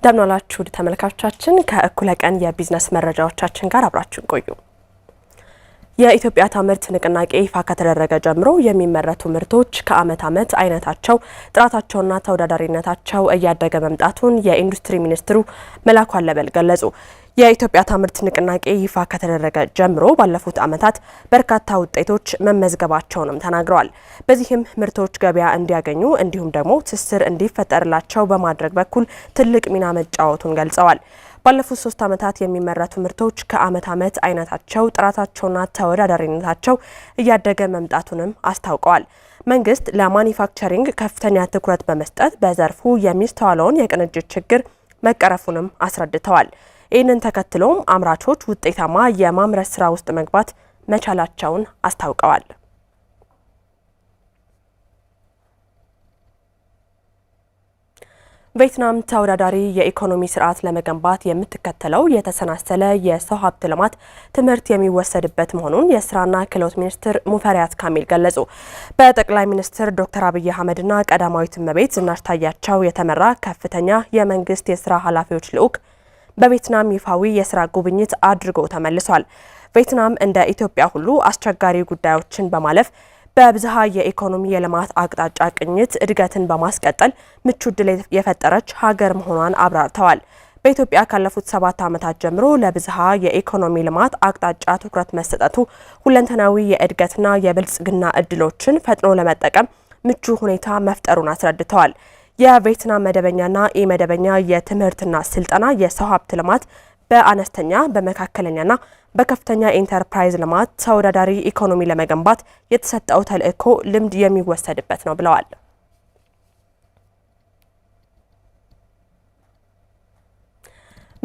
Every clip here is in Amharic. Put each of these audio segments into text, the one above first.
እንደምናላችሁ ተመልካቾቻችን፣ ከእኩለ ቀን የቢዝነስ መረጃዎቻችን ጋር አብራችሁን ቆዩ። የኢትዮጵያ ታምርት ንቅናቄ ይፋ ከተደረገ ጀምሮ የሚመረቱ ምርቶች ከዓመት ዓመት አይነታቸው፣ ጥራታቸውና ተወዳዳሪነታቸው እያደገ መምጣቱን የኢንዱስትሪ ሚኒስትሩ መላኩ አለበል ገለጹ። የኢትዮጵያ ታምርት ንቅናቄ ይፋ ከተደረገ ጀምሮ ባለፉት ዓመታት በርካታ ውጤቶች መመዝገባቸውንም ተናግረዋል። በዚህም ምርቶች ገበያ እንዲያገኙ እንዲሁም ደግሞ ትስስር እንዲፈጠርላቸው በማድረግ በኩል ትልቅ ሚና መጫወቱን ገልጸዋል። ባለፉት ሶስት ዓመታት የሚመረቱ ምርቶች ከዓመት ዓመት አይነታቸው፣ ጥራታቸውና ተወዳዳሪነታቸው እያደገ መምጣቱንም አስታውቀዋል። መንግስት ለማኒፋክቸሪንግ ከፍተኛ ትኩረት በመስጠት በዘርፉ የሚስተዋለውን የቅንጅት ችግር መቀረፉንም አስረድተዋል። ይህንን ተከትሎም አምራቾች ውጤታማ የማምረት ስራ ውስጥ መግባት መቻላቸውን አስታውቀዋል። ቬትናም ተወዳዳሪ የኢኮኖሚ ስርዓት ለመገንባት የምትከተለው የተሰናሰለ የሰው ሀብት ልማት ትምህርት የሚወሰድበት መሆኑን የስራና ክህሎት ሚኒስትር ሙፈሪያት ካሚል ገለጹ። በጠቅላይ ሚኒስትር ዶክተር አብይ አህመድና ቀዳማዊት እመቤት ዝናሽ ታያቸው የተመራ ከፍተኛ የመንግስት የስራ ኃላፊዎች ልዑክ በቬትናም ይፋዊ የስራ ጉብኝት አድርጎ ተመልሷል። ቬትናም እንደ ኢትዮጵያ ሁሉ አስቸጋሪ ጉዳዮችን በማለፍ በብዝሃ የኢኮኖሚ የልማት አቅጣጫ ቅኝት እድገትን በማስቀጠል ምቹ እድል የፈጠረች ሀገር መሆኗን አብራርተዋል። በኢትዮጵያ ካለፉት ሰባት ዓመታት ጀምሮ ለብዝሃ የኢኮኖሚ ልማት አቅጣጫ ትኩረት መሰጠቱ ሁለንተናዊ የእድገትና የብልጽግና እድሎችን ፈጥኖ ለመጠቀም ምቹ ሁኔታ መፍጠሩን አስረድተዋል። የቬትናም መደበኛና ኢመደበኛ የትምህርትና ስልጠና የሰው ሀብት ልማት በአነስተኛ በመካከለኛና በከፍተኛ ኢንተርፕራይዝ ልማት ተወዳዳሪ ኢኮኖሚ ለመገንባት የተሰጠው ተልዕኮ ልምድ የሚወሰድበት ነው ብለዋል።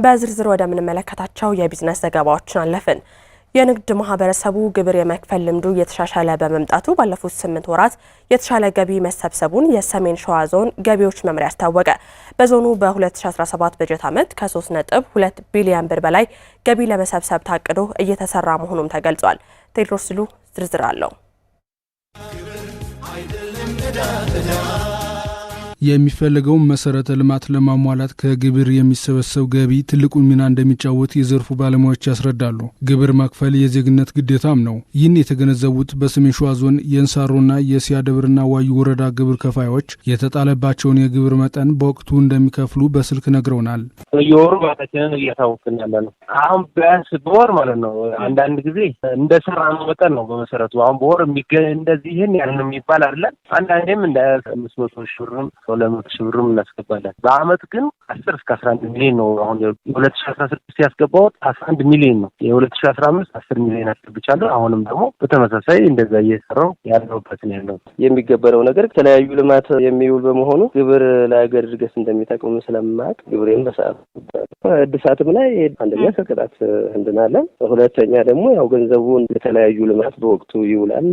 በዝርዝር ወደምንመለከታቸው የቢዝነስ ዘገባዎችን አለፍን። የንግድ ማህበረሰቡ ግብር የመክፈል ልምዱ እየተሻሻለ በመምጣቱ ባለፉት ስምንት ወራት የተሻለ ገቢ መሰብሰቡን የሰሜን ሸዋ ዞን ገቢዎች መምሪያ አስታወቀ። በዞኑ በ2017 በጀት ዓመት ከ3.2 ቢሊዮን ብር በላይ ገቢ ለመሰብሰብ ታቅዶ እየተሰራ መሆኑም ተገልጿል። ቴድሮስ ሲሉ ዝርዝር አለው። የሚፈለገውን መሰረተ ልማት ለማሟላት ከግብር የሚሰበሰብ ገቢ ትልቁን ሚና እንደሚጫወት የዘርፉ ባለሙያዎች ያስረዳሉ። ግብር መክፈል የዜግነት ግዴታም ነው። ይህን የተገነዘቡት በሰሜን ሸዋ ዞን የእንሳሮና የሲያደብርና ዋዩ ወረዳ ግብር ከፋዮች የተጣለባቸውን የግብር መጠን በወቅቱ እንደሚከፍሉ በስልክ ነግረውናል። በየወሩ ማለትንን እያሳወቅን ያለ ነው። አሁን ቢያንስ በወር ማለት ነው። አንዳንድ ጊዜ እንደ ስራ ነው መጠን ነው። በመሰረቱ አሁን በወር እንደዚህን ያንን የሚባል አይደለም። አንዳንዴም እንደ አምስት መቶ ሺህ ብርም ሁለት መቶ ሺህ ብርም እናስገባለን። በአመት ግን አስር እስከ አስራ አንድ ሚሊዮን ነው። አሁን የሁለት ሺ አስራ ስድስት ያስገባሁት አስራ አንድ ሚሊዮን ነው። የሁለት ሺ አስራ አምስት አስር ሚሊዮን አስገብቻለሁ። አሁንም ደግሞ በተመሳሳይ እንደዛ እየሰራው ያለውበት ነው ያለው። የሚገበረው ነገር የተለያዩ ልማት የሚውል በመሆኑ ግብር ለሀገር እድገት እንደሚጠቅም ስለማቅ ግብሬን በሰዓት እድሳትም ላይ አንደኛ ከቅጣት እንድናለን፣ ሁለተኛ ደግሞ ያው ገንዘቡን የተለያዩ ልማት በወቅቱ ይውላል።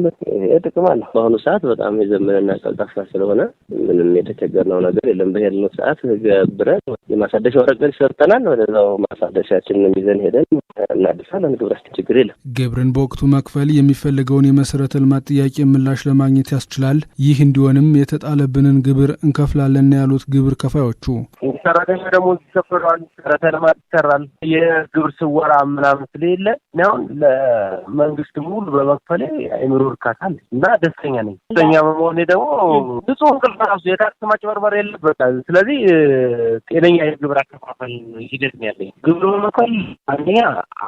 ይሄ ጥቅም አለ። በአሁኑ ሰዓት በጣም የዘመንና ቀልጣፋ ስለሆነ ምንም የተቸ የተቸገርነው ነገር የለም። በሄድነው ሰዓት ገብረን የማሳደሻ ወረቀት ሰርተናል። ወደዛው ማሳደሻችን ይዘን ሄደን እናድሳለን። ግብራችን ችግር የለም። ግብርን በወቅቱ መክፈል የሚፈልገውን የመሰረተ ልማት ጥያቄ ምላሽ ለማግኘት ያስችላል። ይህ እንዲሆንም የተጣለብንን ግብር እንከፍላለን ያሉት ግብር ከፋዮቹ ሰራተኛ ደግሞ ይከፈለዋል። መሰረተ ልማት ይሰራል። የግብር ስወራ ምናምን ስለሌለ አሁን ለመንግስት ሙሉ በመክፈሌ አይምሮ እርካታል እና ደስተኛ ነኝ። ደስተኛ በመሆኔ ደግሞ ንጹህ እንቅልፍ ራሱ የታክስ ማጭበርበር የለበታል። ስለዚህ ጤነኛ የግብር አከፋፈል ሂደት ነው ያለኝ። ግብር በመክፈል አንደኛ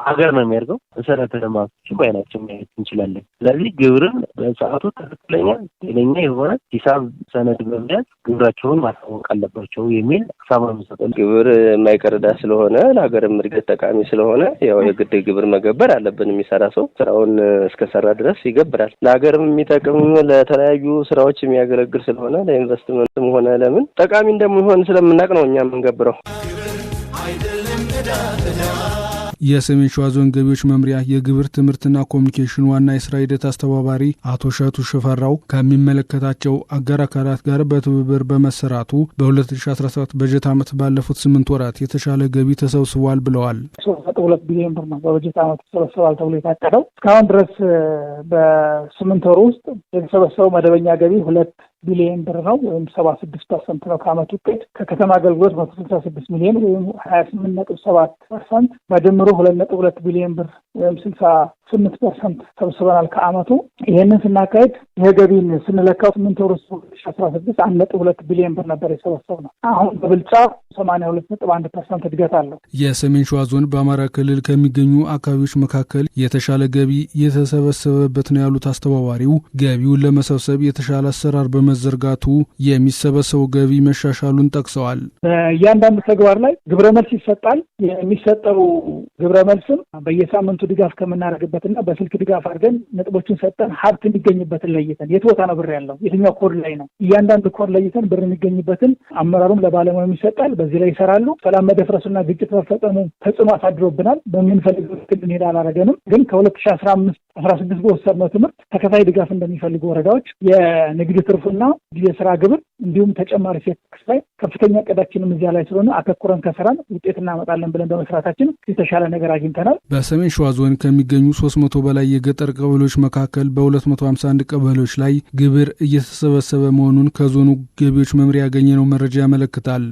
ሀገር ነው የሚያደርገው መሰረተ ልማቶችን በዓይናችን ማየት እንችላለን። ስለዚህ ግብርን በሰዓቱ ትክክለኛ ጤነኛ የሆነ ሂሳብ ሰነድ በመያዝ ግብራቸውን ማሳወቅ አለባቸው የሚል ሀሳብ መሰጠል ግብር የማይቀርዳ ስለሆነ ለሀገርም እድገት ጠቃሚ ስለሆነ ያው የግድ ግብር መገበር አለብን። የሚሰራ ሰው ስራውን እስከሰራ ድረስ ይገብራል። ለሀገርም የሚጠቅም ለተለያዩ ስራዎች የሚያገለግል ስለሆነ ለኢንቨስትመንት ሆነ ለምን ጠቃሚ እንደሚሆን ስለምናቅ ነው እኛ የምንገብረው። የሰሜን ሸዋ ዞን ገቢዎች መምሪያ የግብር ትምህርትና ኮሚኒኬሽን ዋና የስራ ሂደት አስተባባሪ አቶ ሸቱ ሽፈራው ከሚመለከታቸው አጋር አካላት ጋር በትብብር በመሰራቱ በ2017 በጀት ዓመት ባለፉት ስምንት ወራት የተሻለ ገቢ ተሰብስቧል ብለዋል። ሶስት ሁለት ቢሊዮን ብር ነው በበጀት ዓመት ተሰበስባል ተብሎ የታቀደው። እስካሁን ድረስ በስምንት ወር ውስጥ የተሰበሰበው መደበኛ ገቢ ሁለት ቢሊየን ብር ነው ወይም ሰባ ስድስት ፐርሰንት ነው ከአመት ውጤት ከከተማ አገልግሎት መቶ ስልሳ ስድስት ሚሊዮን ወይም ሀያ ስምንት ነጥብ ሰባት ፐርሰንት በድምሩ ሁለት ነጥብ ሁለት ቢሊዮን ብር ወይም ስልሳ ስምንት ፐርሰንት ሰብስበናል ከአመቱ። ይህንን ስናካሄድ የገቢን ስንለካው ስምንት ወር ውስጥ ሁለት ሺህ አስራ ስድስት አንድ ነጥብ ሁለት ቢሊዮን ብር ነበር የሰበሰብ ነው። አሁን በብልጫ ሰማኒያ ሁለት ነጥብ አንድ ፐርሰንት እድገት አለው። የሰሜን ሸዋ ዞን በአማራ ክልል ከሚገኙ አካባቢዎች መካከል የተሻለ ገቢ የተሰበሰበበት ነው ያሉት አስተባባሪው ገቢውን ለመሰብሰብ የተሻለ አሰራር በመ መዘርጋቱ የሚሰበሰው ገቢ መሻሻሉን ጠቅሰዋል። በእያንዳንዱ ተግባር ላይ ግብረ መልስ ይሰጣል። የሚሰጠው ግብረ መልስም በየሳምንቱ ድጋፍ ከምናደርግበትና በስልክ ድጋፍ አድርገን ነጥቦችን ሰጠን ሀብት እንዲገኝበትን ለይተን የት ቦታ ነው ብር ያለው የትኛው ኮድ ላይ ነው እያንዳንዱ ኮድ ለይተን ብር የሚገኝበትን አመራሩም ለባለሙያም ይሰጣል። በዚህ ላይ ይሰራሉ። ሰላም መደፍረሱና ግጭት መፈጸሙ ተጽዕኖ አሳድሮብናል። በምንፈልግ እንሄድ አላረገንም። ግን ከሁለት ሺ አስራ አምስት አስራ ስድስት በወሰድነው ትምህርት ተከታይ ድጋፍ እንደሚፈልጉ ወረዳዎች የንግድ ትርፍና ጊዜ ስራ ግብር እንዲሁም ተጨማሪ ሴክስ ላይ ከፍተኛ ቀዳችንም እዚያ ላይ ስለሆነ አተኩረን ከሰራን ውጤት እናመጣለን ብለን በመስራታችን የተሻለ ነገር አግኝተናል። በሰሜን ሸዋ ዞን ከሚገኙ ሶስት መቶ በላይ የገጠር ቀበሌዎች መካከል በሁለት መቶ ሀምሳ አንድ ቀበሌዎች ላይ ግብር እየተሰበሰበ መሆኑን ከዞኑ ገቢዎች መምሪያ ያገኘነው መረጃ ያመለክታል።